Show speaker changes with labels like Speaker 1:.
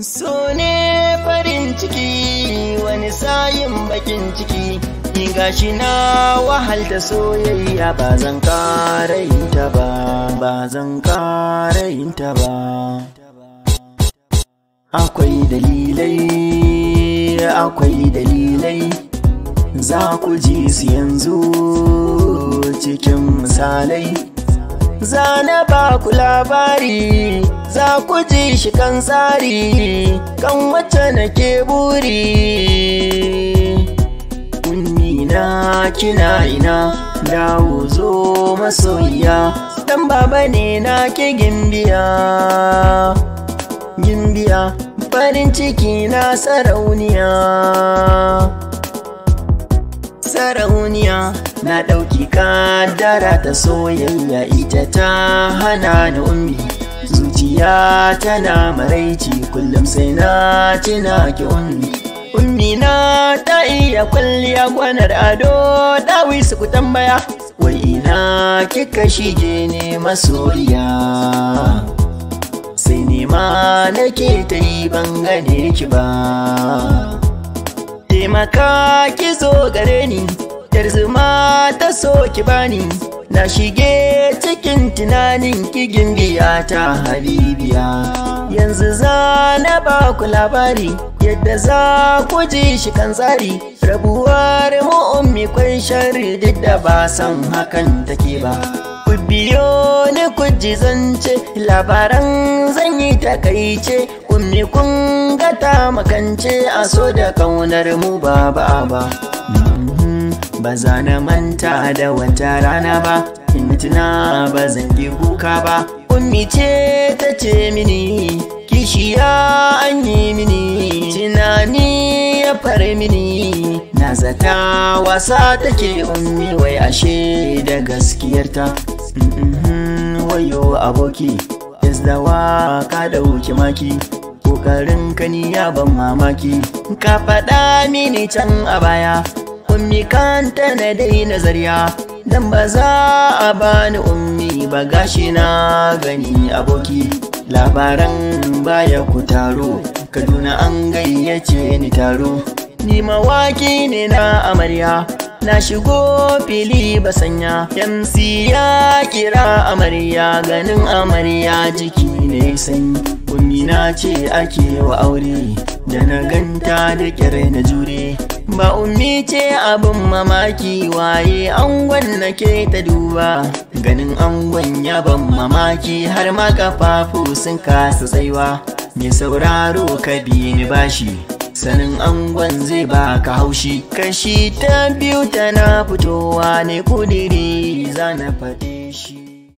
Speaker 1: so ne farin ciki wani sayin bakin ciki in gashi na wahal da soyayya ba zan ƙara ba ba zan ba akwai dalilai akwai dalilai za ku ji su yanzu cikin misalai zana ba ku labari za ku ji shi kan tsari kan wacce nake buri kunnina kina ina dawo zo masoyiya dan baba ne na ke gimbiya gimbiya farin ciki na sarauniya sarauniya na ɗauki dara ta soyayya ita ta hana ni ummi zuciya tana maraici kullum sai na tuna ki ummi ummi na ta iya kwalliya kwanar ado dawi su ku tambaya wai ina kika shige ne masoyiya sai nema nake ta yi ban gane ki ba taimaka ki zo gare ni tarzuma ta so ki bani na shige cikin tunanin ki gimbiya ta habibiya yanzu za na ba ku labari yadda za ku ji shi kan tsari rabuwar mu'ummi kwan shari duk da ba san hakan take ba ku biyo ni ku ji zance labaran zan yi takaice kunni kun gata makance a so da kaunar mu ba ba ba mhm, ba za na manta da wata rana ba in tuna ba zan yi kuka ba ummi ce ta ce mini kishiya an yi mini tunani ya fare mini na zata wasa take ummi wai ashe da gaskiyarta mhm, wayo aboki is da waka da maki kokarin kani ya ban mamaki ka faɗa mini can a baya ummi kanta na dai nazariya dan ba za a bani ummi ba gashi na gani aboki labaran baya ku taro kaduna an gayyace ni taro ni mawaki ne na amarya na shigo fili ba sanya. Yamsi ya kira amarya ganin amarya jiki ne sanyi na ce ake wa aure da na ganta da kyare na jure ba ummi ce abin mamaki waye angon ke ta duba ganin angon ya ban mamaki har ma kafafu sun kasa tsaiwa mai sauraro ka biye ni bashi sanin angon zai baka haushi kashi ta biyu tana fitowa ne kudiri za na shi